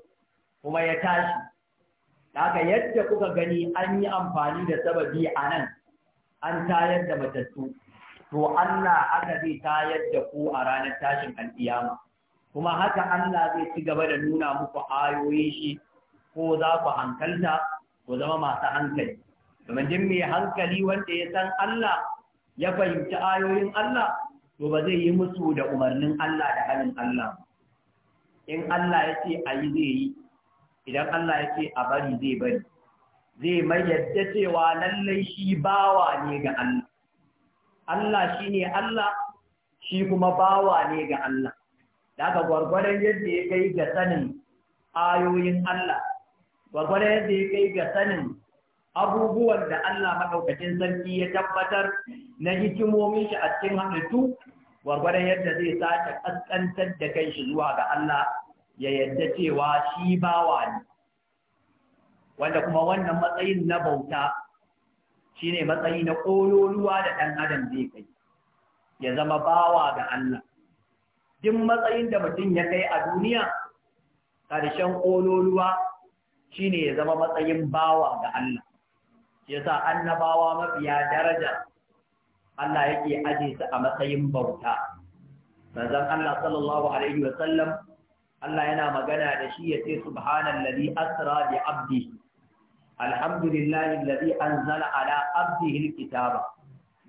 kuma ya tashi Da aka yadda kuka gani an yi amfani da sababi a nan an tayar da matattu to Allah aka zai tayar da ku a ranar tashin al'iyama kuma haka Allah zai ci gaba da nuna muku ayoyi shi ko za ku hankalta ko zama masu hankali domin duk mai hankali wanda ya san Allah ya fahimci ayoyin Allah to ba zai yi musu da umarnin Allah da halin Allah in Allah ya ce a yi zai yi idan Allah ya ce a bari zai bari zai mai yadda cewa lallai shi bawa ne ga Allah Allah shi ne Allah shi kuma bawa ne ga Allah daga gwargwadon yadda ya kai ga sanin ayoyin Allah gwargwadon yadda ya kai ga sanin abubuwan da Allah maɗaukacin sarki ya tabbatar na hikimomin shi a cikin halittu gwargwadon yadda zai sace kaskantar da kai shi zuwa ga Allah ya yadda cewa shi bawa ne wanda kuma wannan matsayin na bauta shine matsayi na ƙololuwa da ɗan adam zai kai ya zama bawa ga Allah duk matsayin da mutum ya kai a duniya ƙarshen ƙololuwa shine ya zama matsayin bawa ga Allah yasa annabawa mafiya daraja Allah yake aje su a matsayin bauta manzon Allah sallallahu alaihi wa sallam Allah yana magana da shi yace subhanallazi asra bi abdi alhamdulillahi allazi anzala ala abdihi alkitaba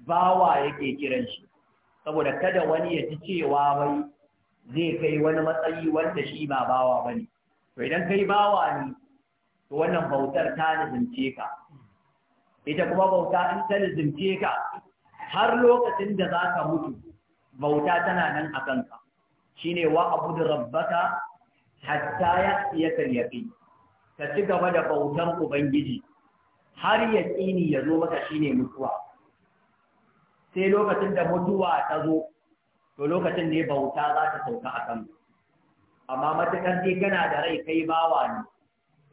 bawa yake kiran shi saboda kada wani ya ci cewa wai zai kai wani matsayi wanda shi ba bawa bane to idan kai bawa ne to wannan bautar ta nufince ka ita kuma bauta in ta ka har lokacin da za ka mutu bauta tana nan a kanka shi ne wa abu da rabbaka hatta ya yakan karyafi ka ci gaba da bautar ubangiji har ya tsini ya zo maka shi ne mutuwa sai lokacin da mutuwa ta zo to lokacin ne bauta za ta sauka a kanka amma matukar sai kana da rai kai bawa ne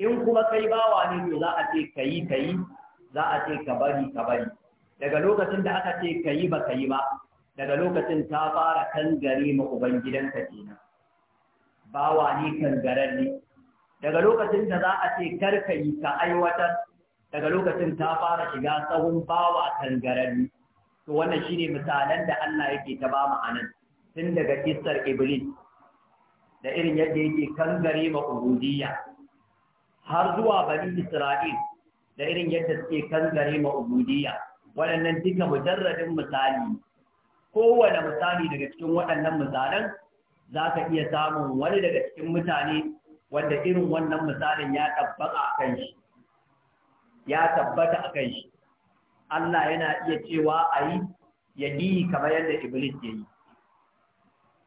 in kuma kai bawa ne to za a ce kayi kayi za a ce ka bari ka bari daga lokacin da aka ce ka yi ba ka yi ba daga lokacin ta fara kan gare ma ubangidanka kenan bawa ni kan garar ne daga lokacin da za a ce kar ka yi ka aiwatar daga lokacin ta fara shiga tsawon bawa kan garar ne to wannan shine misalan da Allah yake ta ba mu anan tun daga kissar Iblis da irin yadda yake kan gare ma ubudiyya har zuwa bani Isra'il da irin yadda suke kangare ma ubudiyya waɗannan duka mujarradin misali kowane misali daga cikin waɗannan misalan za ka iya samun wani daga cikin mutane wanda irin wannan misalin ya tabbata a kan shi ya tabbata a kan shi Allah yana iya cewa a yi ya yi kamar yadda Iblis ya yi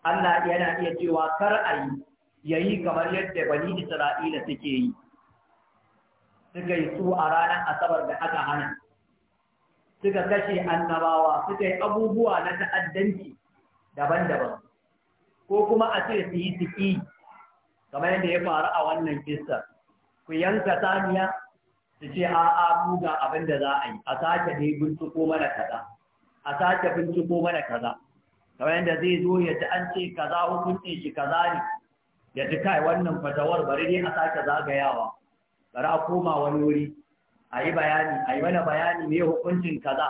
Allah yana iya cewa kar a yi ya yi kamar yadda bani Isra'ila suke yi suka yi su a ranar asabar da aka hana suka kashe annabawa suka yi abubuwa na ta'addanci daban-daban ko kuma a ce su yi tiki kamar yadda ya faru a wannan kissa ku yanka saniya su ce a'a buga ga abin da za a yi a sake dai binciko mana kaza a sake binciko mana kaza kamar yadda zai zo ya ci an ce kaza hukuncin shi kaza ne ya ji kai wannan fatawar bari ne a sake zagayawa bari a koma wani wuri a yi bayani a yi mana bayani me hukuncin kaza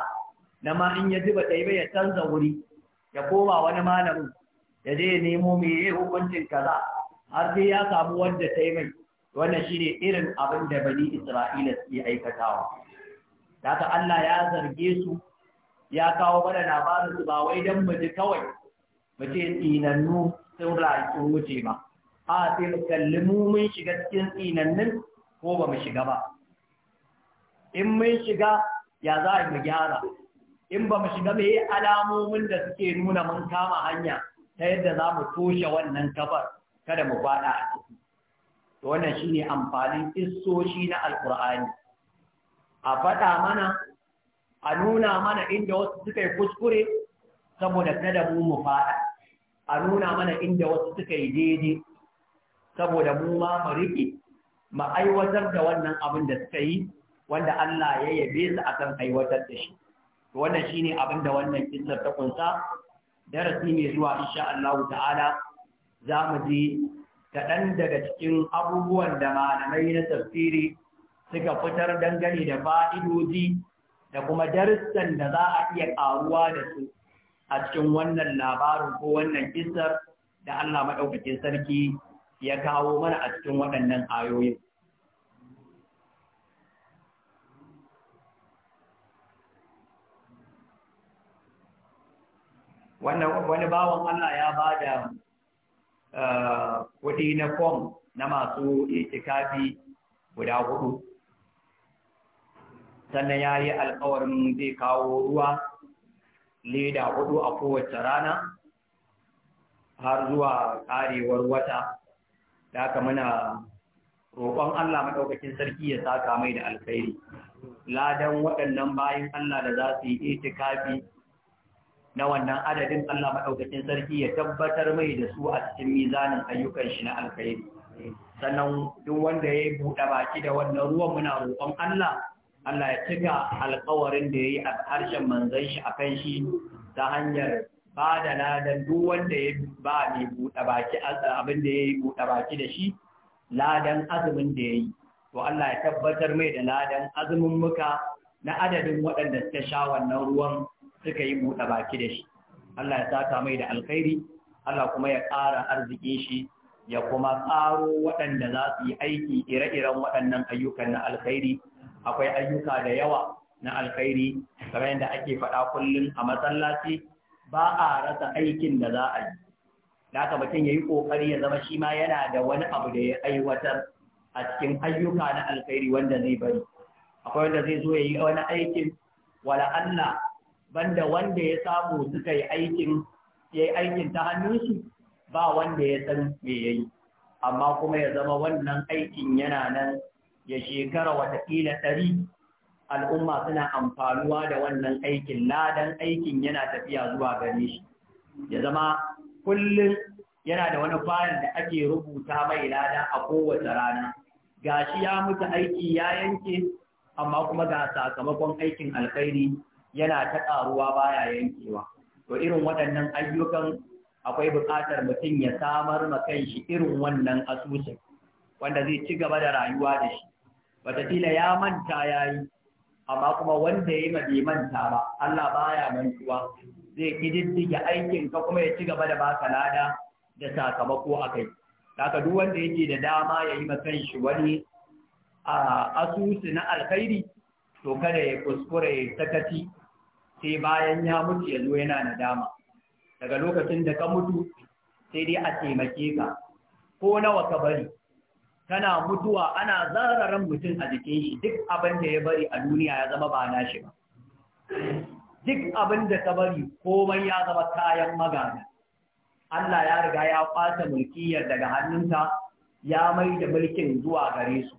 na ma in ya zuba ɗaya ya canza wuri ya koma wani malamin ya je nemo me hukuncin kaza har sai ya samu wanda ta yi mai wannan shine irin abin da bani Isra'ila suke aikatawa daga Allah ya zarge su ya kawo mana labarin su ba wai dan mu ji kawai mu ce tsinannu sun rayu sun wuce ba a sai mu kalli mu mun shiga cikin tsinannin ko ba mu shiga ba in mun shiga ya za a mu gyara in ba mu shiga mai alamomin da suke nuna mun kama hanya ta yadda za mu toshe wannan kafar kada mu faɗa a ciki to wannan shine amfanin issoshi na Alƙur'ani. a faɗa mana a nuna mana inda wasu suka yi kuskure saboda kada mu mu faɗa a nuna mana inda wasu suka yi daidai saboda mu ma mu riƙe ma aiwatar da wannan abin da suka yi wanda Allah ya yabe su akan aiwatar da shi to wannan shine abin da wannan kissar ta kunsa darasi mai zuwa insha Allah ta'ala za mu ji kaɗan daga cikin abubuwan da malamai na tafsiri suka fitar dangane da fa'idoji da kuma darussan da za a iya ƙaruwa da su a cikin wannan labarin ko wannan kissar da Allah maɗaukacin sarki ya kawo mana a cikin waɗannan ayoyin. Wani bawan Allah ya ba da eh, kuɗi na fom na masu itikafi guda hudu. Sannan ya yi alkawarin zai kawo ruwa leda hudu a kowace rana har zuwa ƙarewar wata da aka muna roƙon Allah maɗaukakin sarki ya saka mai da alkhairi ladan waɗannan bayan Allah da za su yi itikafi na wannan adadin Allah maɗaukakin sarki ya tabbatar mai da su a cikin mizanin ayyukan shi na alkhairi sannan duk wanda ya yi buɗe baki da wannan ruwan muna roƙon Allah Allah ya cika alƙawarin da ya yi a harshen manzon shi a kan shi ta hanyar ba da ladan duk wanda ya ba mai buɗe baki abin da ya yi buɗe baki da shi ladan azumin da ya yi to Allah ya tabbatar mai da ladan azumin muka na adadin waɗanda suka sha wannan ruwan suka yi buɗe baki da shi Allah ya saka mai da alkhairi Allah kuma ya ƙara arzikin shi ya kuma tsaro waɗanda za su yi aiki ire-iren waɗannan ayyukan na alkhairi akwai ayyuka da yawa na alkhairi kamar yadda ake faɗa kullum a masallaci ba a rasa aikin da za a yi da aka mutum ya yi ƙoƙari ya zama shi ma yana da wani abu da ya aiwatar a cikin ayyuka na alkhairi wanda zai bari akwai wanda zai zo ya yi wani aikin wala Allah banda wanda ya samu suka yi aikin ya yi aikin ta hannunsu ba wanda ya san me ya yi amma kuma ya zama wannan aikin yana nan ya shekara watakila ɗari al'umma suna amfanuwa da wannan aikin ladan aikin yana tafiya zuwa gare shi ya zama kullum yana da wani fayil da ake rubuta mai lada a kowace rana gashi ya mutu aiki ya yanke amma kuma ga sakamakon aikin alkhairi yana ta ƙaruwa baya yankewa to irin waɗannan ayyukan akwai buƙatar mutum ya samar ma shi irin wannan asusun wanda zai ci gaba da rayuwa da shi wata ya manta ya yi amma kuma wanda ya yi madimanta ba Allah baya mantuwa zai kididdige aikin ka kuma ya ci gaba da baka lada da sakamako a kai haka duk wanda yake da dama ya yi makan shi wani a asusu na alkhairi to kada ya kuskure ya sakaci sai bayan ya mutu ya zo yana dama daga lokacin da ka mutu sai dai a taimake ka ko nawa ka bari tana mutuwa ana zararan mutum a jikin shi duk abin da ya bari a duniya ya zama ba na shi ba duk abin da ta bari komai ya zama kayan magana Allah ya riga ya kwata mulkiyar daga hannunta ya mai da mulkin zuwa gare su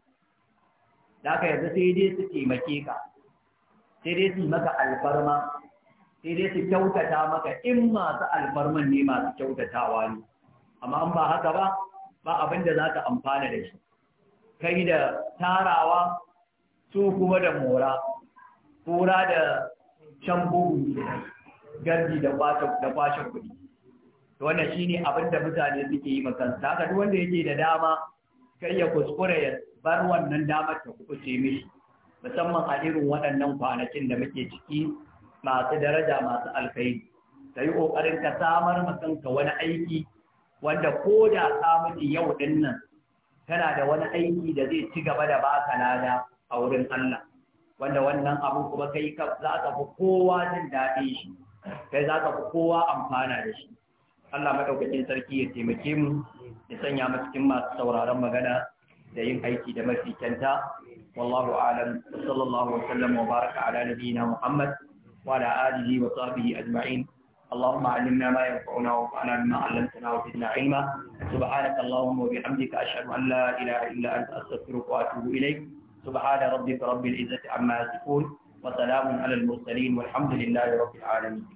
da aka yanzu sai dai su taimake ka sai dai su maka alfarma sai dai su kyautata maka in masu alfarman ne masu kyautatawa ne amma an ba haka ba ba abin da za ta amfana da shi kai da tarawa su kuma da mora kura da can bugu gardi da kwashe kuɗi wannan shine abin da mutane suke yi makansa saka duk wanda yake da dama kai ya kuskure ya bar wannan dama ta ce mishi musamman a irin waɗannan kwanakin da muke ciki masu daraja masu alkhairi Sai kokarin ka samar ma kanka wani aiki wanda ko da ka yau din nan da wani aiki da zai ci gaba da ba ka lada a wurin Allah wanda wannan abu kuma kai za ka fi kowa jin daɗi shi kai za ka fi kowa amfana da shi Allah madaukakin sarki ya taimake mu ya sanya mu cikin masu sauraron magana da yin aiki da mafi kyanta wallahu a'lam sallallahu wa sallam wa baraka ala nabiyyina muhammad wa ala alihi wa sahbihi ajma'in اللهم علمنا ما ينفعنا وانفعنا بما علمتنا وزدنا علما سبحانك اللهم وبحمدك اشهد ان لا اله الا انت استغفرك واتوب اليك سبحان ربك رب العزه عما يصفون وسلام على المرسلين والحمد لله رب العالمين